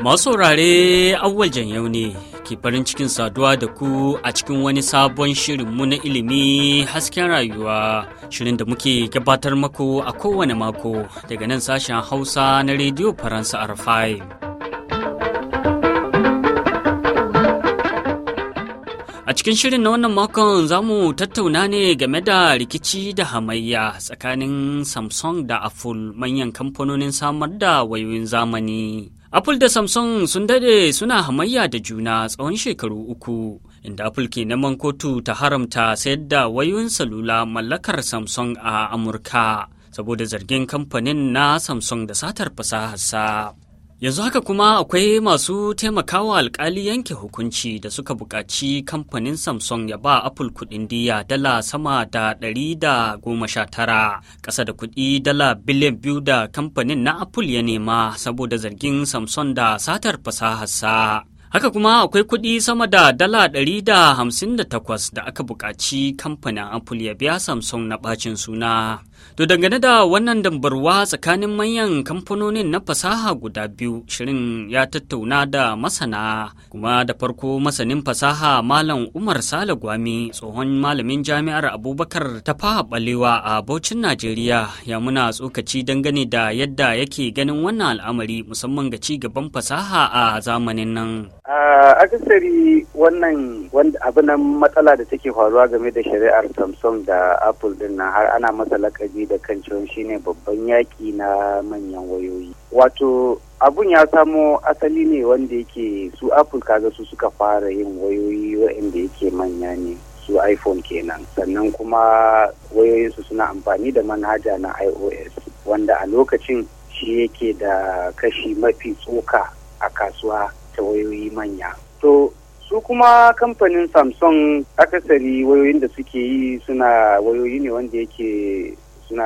Masu saurare awwal yau ne ke farin cikin saduwa da ku a cikin wani sabon shirinmu na ilimi hasken rayuwa shirin da muke gabatar mako a kowane mako daga nan sashen hausa na rediyo faransa arfai. A cikin shirin na wannan makon za mu tattauna ne game da rikici da hamayya tsakanin Samsung da Apple manyan kamfanonin samar da wayoyin zamani. Apple da Samsung sun dade suna hamayya da juna tsawon shekaru uku, inda Apple ke neman kotu ta haramta sayar da wayoyin salula mallakar Samsung a Amurka, saboda zargin kamfanin na Samsung da satar fasaharsa. Yanzu haka kuma akwai masu taimakawa alkali yanke hukunci da suka buƙaci kamfanin Samsung ya ba Apple kuɗin diya dala sama da ɗari da goma sha tara, ƙasa da kuɗi dala biliyan biyu da kamfanin na Apple ya nema saboda zargin Samsung da satar fasaharsa. Haka kuma akwai kuɗi sama da dala ɗari da hamsin da takwas da aka buƙaci kamfanin Apple ya biya Samsung na ɓacin suna. To dangane da wannan dambarwa tsakanin manyan kamfanonin na fasaha guda biyu, shirin ya tattauna da masana kuma da farko masanin fasaha Malam Umar Sale Gwami tsohon malamin jami'ar Abubakar ta faha balewa a Bauchin Najeriya ya muna tsokaci dangane da yadda yake ganin wannan al'amari musamman ga ci gaban fasaha a zamanin nan. a akasari wannan abu nan matsala da take faruwa game da shari'ar samsung da apple din nan har ana masa lakabi da kan cewa shine babban yaƙi na manyan wayoyi wato abun ya samo asali ne wanda yake su apple kaga su suka fara yin wayoyi wa'inda yake manya ne su iphone kenan sannan kuma wayoyinsu suna amfani da manhaja na ios wanda a lokacin shi yake da kashi mafi tsoka a kasuwa da wayoyi manya to su kuma kamfanin samsung akasari wayoyin da suke yi suna wayoyi ne wanda yake suna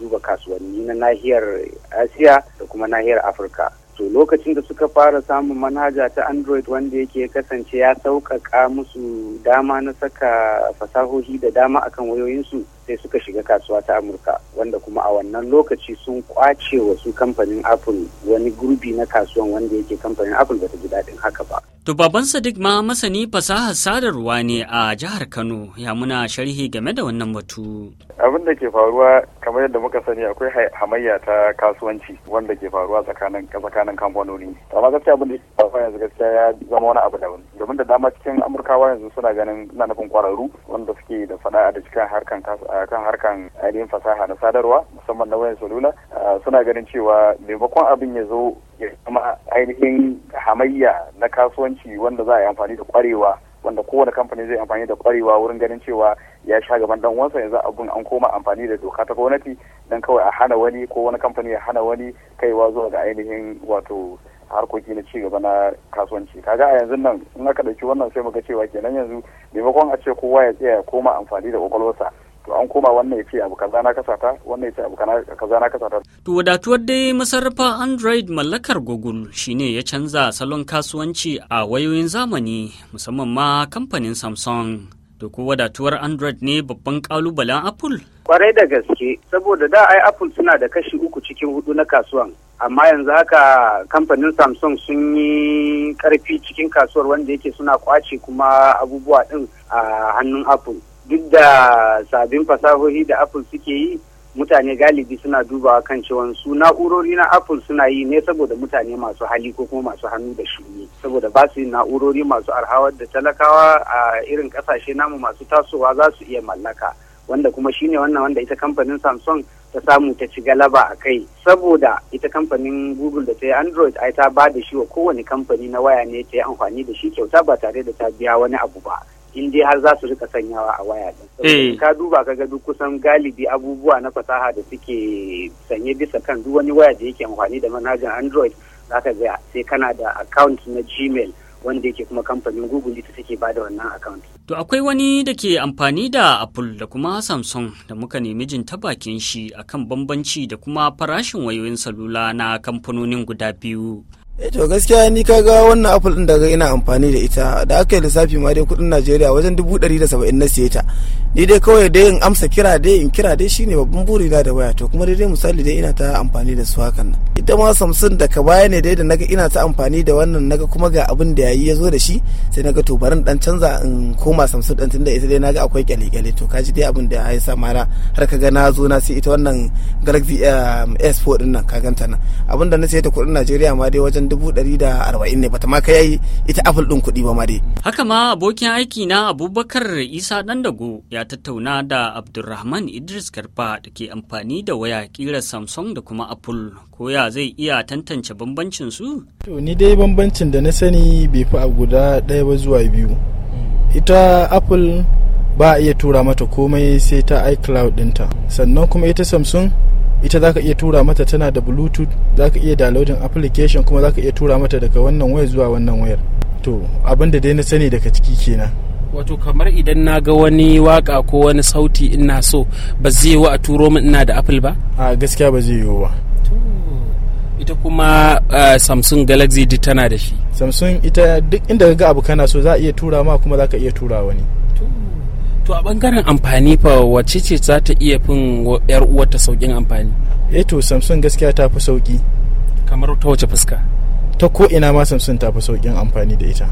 duba kasuwanni na nahiyar asiya da kuma nahiyar afirka to lokacin da suka fara samun manhaja ta android wanda yake kasance ya sauƙaƙa musu dama na saka fasahohi da dama akan wayoyinsu sai suka shiga kasuwa ta amurka wanda kuma a wannan lokaci sun kwace wasu kamfanin apple wani gurbi na kasuwan wanda yake kamfanin apple bata ji daɗin haka ba to baban sadiq ma masani fasahar sadarwa ne a jihar kano ya muna sharhi game da wannan batu abin da ke faruwa kamar yadda muka sani akwai hamayya ta kasuwanci wanda ke faruwa tsakanin tsakanin kamfanoni amma gaskiya abin da ke faruwa yanzu gaskiya ya zama wani abu daban domin da dama cikin amurkawa yanzu suna ganin na nufin kwararru wanda suke da fada da cikin harkan kan harkan ainihin fasaha na sadarwa musamman na wayan salula suna ganin cewa maimakon abin ya zo ya zama ainihin hamayya na kasuwanci wanda za a yi amfani da kwarewa wanda kowane kamfani zai amfani da kwarewa wurin ganin cewa ya sha gaban dan uwansa yanzu abun an koma amfani da doka ta gwamnati dan kawai a hana wani ko wani kamfani ya hana wani kaiwa zuwa ga ainihin wato harkoki na ci gaba na kasuwanci kaga a yanzu nan in aka ɗauki wannan sai muka cewa kenan yanzu maimakon a ce kowa ya tsaya koma amfani da kwakwalwarsa to an koma wannan ya ce abu kaza na ta, wannan ya ce abu kaza na ta. to wadatuwar dai masarrafa android mallakar google shine ya canza salon kasuwanci a wayoyin zamani musamman ma kamfanin samsung to ko wadatuwar android ne babban kalubalen apple kwarai da gaske saboda da ai apple suna da kashi uku cikin hudu na kasuwan amma yanzu haka kamfanin samsung sun yi karfi cikin kasuwar wanda yake suna kwace kuma abubuwa din a hannun apple duk da sabbin fasahohi da apple suke yi mutane galibi suna dubawa kan cewa su na'urori na apple suna yi ne saboda mutane masu hali ko kuma masu hannu da shuni saboda ba su yi na'urori masu arhawar da talakawa a irin kasashe namu masu tasowa za su iya mallaka wanda kuma shine wannan wanda ita kamfanin samsung ta samu ta ci galaba a kai saboda ita kamfanin google da ta yi android ai ta ba da shi wa kowane kamfani na waya ne ta yi amfani da shi kyauta ba tare da ta biya wani abu ba in dai har za su rika sanyawa a waya din eh. ka duba ka ga duk kusan galibi abubuwa na fasaha da suke sanye bisa kan duk wani waya da yake amfani da manhajar android za ka ga sai kana da account na gmail wanda yake kuma kamfanin google ita take da wannan account to akwai wani da ke amfani da apple da kuma samsung da muka nemi jin ta bakin shi akan bambanci da kuma farashin wayoyin salula na kamfanonin guda biyu eh to gaskiya ni ka ga wannan apple din daga ina amfani da ita da aka yi lissafi ma dai kudin najeriya wajen dubu ɗari da saba'in na siyeta ni dai kawai dai in amsa kira dai in kira dai shine babban buri na da waya to kuma dai misali dai ina ta amfani da su hakan nan ita ma samsung daga baya ne dai da naga ina ta amfani da wannan naga kuma ga abin da yayi ya zo da shi sai naga to barin dan canza in koma samsung din tunda ita dai naga akwai kyale-kyale to kaji dai abin da ya sa mara har kaga na zo na sai ita wannan galaxy eh, s4 din nan ka ganta nan abin da na sai ta kudin najeriya ma dai wajen dubu ɗari da arba'in ne bata ma kai ita apple ɗin kuɗi ba ma dai. haka ma abokin aiki na abubakar isa ɗan ya tattauna da abdulrahman idris karfa da ke amfani da waya kira samsung da kuma apple ko ya zai iya tantance bambancin su. to ni dai bambancin da na sani bai fi a guda ɗaya ba zuwa biyu ita apple ba a iya tura mata komai sai ta icloud ɗinta sannan kuma ita samsung ita zaka iya tura mata tana da bluetooth zaka iya downloading application kuma zaka iya tura mata daga wannan wayar zuwa wannan wayar to abin da dai na sani daga ciki kenan wato kamar idan na ga wani waka ko wani sauti ina so ba zai wa a turo min ina da apple ba a gaskiya ba zai yi ba ita kuma uh, samsung galaxy duk tana da shi samsung ita duk inda ga abu kana so za a iya tura ma kuma za ka iya tura wani to a bangaren amfani fa wacce ce za ta iya fin yar uwarta saukin amfani eh to samsung gaskiya ta fi sauki kamar ta wace fuska ta ko ina ma samsung ta fi saukin amfani da ita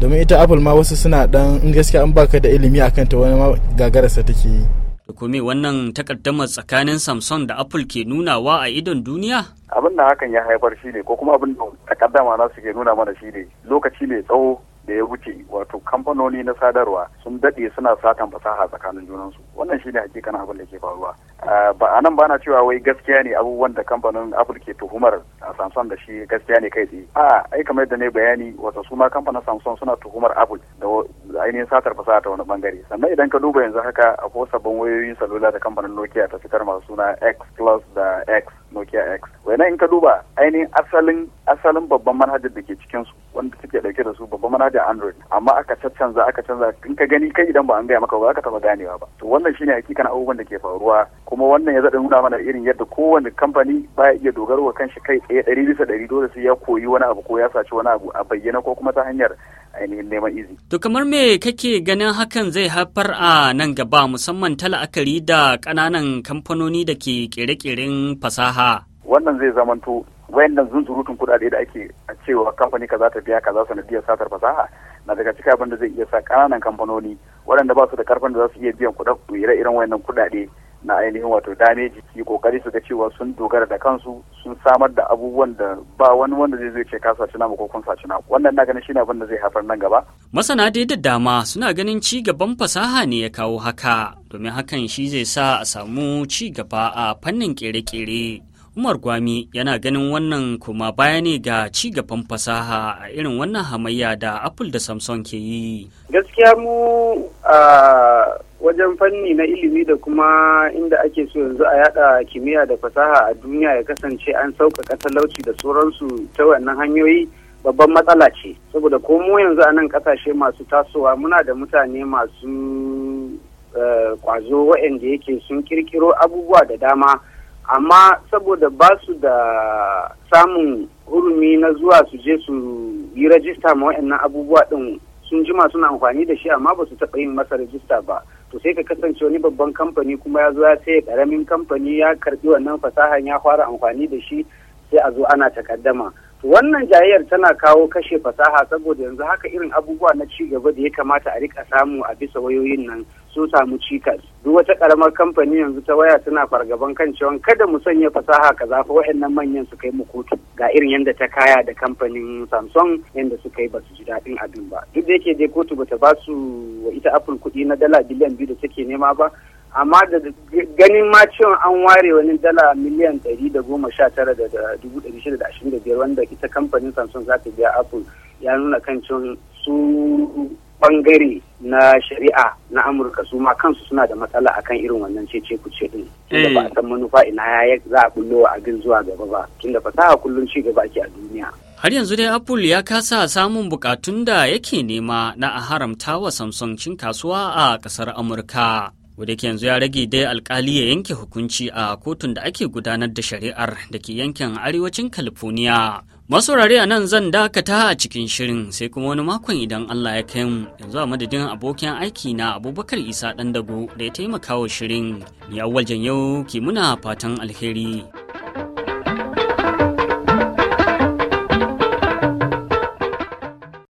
domin ita apple ma wasu suna dan in gaskiya an baka da ilimi akan ta wani ma gagararsa take yi Kome wannan takaddamar tsakanin Samsung da Apple ke nunawa a idon duniya? Abin da hakan ya haifar shi ko kuma abin da takaddama su ke nuna mana shi lokaci mai tsawo da ya wuce wato kamfanoni na sadarwa sun daɗe suna satan fasaha tsakanin junansu wannan shine hakikan abin da ke faruwa ba a nan bana cewa wai gaskiya ne abubuwan da kamfanin apple ke tuhumar a samson da shi gaskiya ne kai tsaye a ai kamar yadda ne bayani wato su ma kamfanin samsung suna tuhumar apple da ainihin satar fasaha ta wani bangare sannan idan ka duba yanzu haka akwai sabbin wayoyin salula da kamfanin nokia ta fitar masu suna x plus da x Nokia X. Wena in ka duba ainihin asalin asalin babban manhajar da ke cikin su wanda suke dauke da su babban manhajar Android amma aka caccanza aka canza in ka gani kai idan ba an gaya maka ba ka taba ganewa ba. To wannan shine hakikan abubuwan da ke faruwa kuma wannan ya zada nuna mana irin yadda kowane kamfani baya iya dogaro wa kanshi kai tsaye ɗari bisa ɗari dole sai ya koyi wani abu ko ya saci wani abu a bayyana ko kuma ta hanyar ainihin neman izi. To kamar me kake ganin hakan zai haifar a nan gaba musamman ta la'akari da ƙananan kamfanoni da ke ƙere-ƙeren fasaha Aha. Wannan zai zamanto wayannan zunzurutun kuɗaɗe da ake a cewa kamfani kaza ta biya kaza sanadiyar satar fasaha na daga cikin abin da zai iya sa ƙananan kamfanoni waɗanda ba su da karfin da za su iya biyan kuɗaɗe ire-iren wayannan kuɗaɗe na ainihin wato dameji su yi kokari su ga cewa sun dogara da kansu sun samar da abubuwan da ba wani wanda zai zai ce ka saci ko kun saci namu wannan na ganin shine abin da zai haifar nan gaba masana dai da dama suna ganin ci gaban fasaha ne ya kawo haka domin hakan shi zai sa a samu ci gaba a fannin kere-kere Umar Gwami yana ganin wannan kuma baya ne ga ci gaban fasaha a irin wannan hamayya da Apple da Samsung ke yi. Gaskiya mu a wajen fanni na ilimi da kuma inda ake so yanzu a yada kimiyya da fasaha a duniya ya kasance an sauƙaƙa talauci da sauransu ta wannan hanyoyi babban matsala ce saboda ko mu yanzu a nan ƙasashe masu tasowa muna da mutane masu kwazo eh, waɗanda yake sun kirkiro abubuwa da dama amma saboda ba su da samun hurumi na zuwa su je su yi rajista ma wa'annan abubuwa ɗin sun jima suna amfani da shi amma ba su taɓa yin masa rajista ba to sai ka kasance wani babban kamfani kuma ya zo ya sai karamin kamfani ya karbi wannan fasahan ya fara amfani da shi sai a zo ana takaddama to wannan jayayyar tana kawo kashe fasaha saboda yanzu haka irin abubuwa na ci gaba da ya kamata a rika samu a bisa wayoyin nan sun samu cikas duk wata karamar kamfani yanzu ta waya suna fargaban kan cewa kada mu sanya fasaha kaza fa waɗannan manyan su kai mu kotu ga irin yadda ta kaya da kamfanin Samsung yadda suka yi ba su ji daɗin abin ba duk da yake dai kotu bata ba su wa ita Apple kuɗi na dala biliyan biyu da take nema ba amma da ganin ma cewa an ware wani dala miliyan ɗari da goma sha tara da dubu ɗari shida da ashirin da biyar wanda ita kamfanin Samsung za ta biya Apple ya nuna kan cewa su bangare na shari'a na amurka su ma kansu suna da matsala akan irin wannan cece kuce din ba a eh. san manufa ina ya za a bullo a abin zuwa gaba ba tunda fasaha kullum ci gaba ake a duniya har yanzu dai apple ya kasa samun bukatun da yake nema na a haramta wa samsung cin kasuwa a kasar amurka wadda ke yanzu ya rage dai alkali ya yanke hukunci a kotun da ake gudanar da shari'ar da ke yankin arewacin california masaurare a nan zan dakata a cikin shirin sai kuma wani makon idan allah ya kai mu yanzu a madadin abokin aiki na abubakar isa ɗan dago da ya taimaka wa shirin ni awwal yau ke muna fatan alheri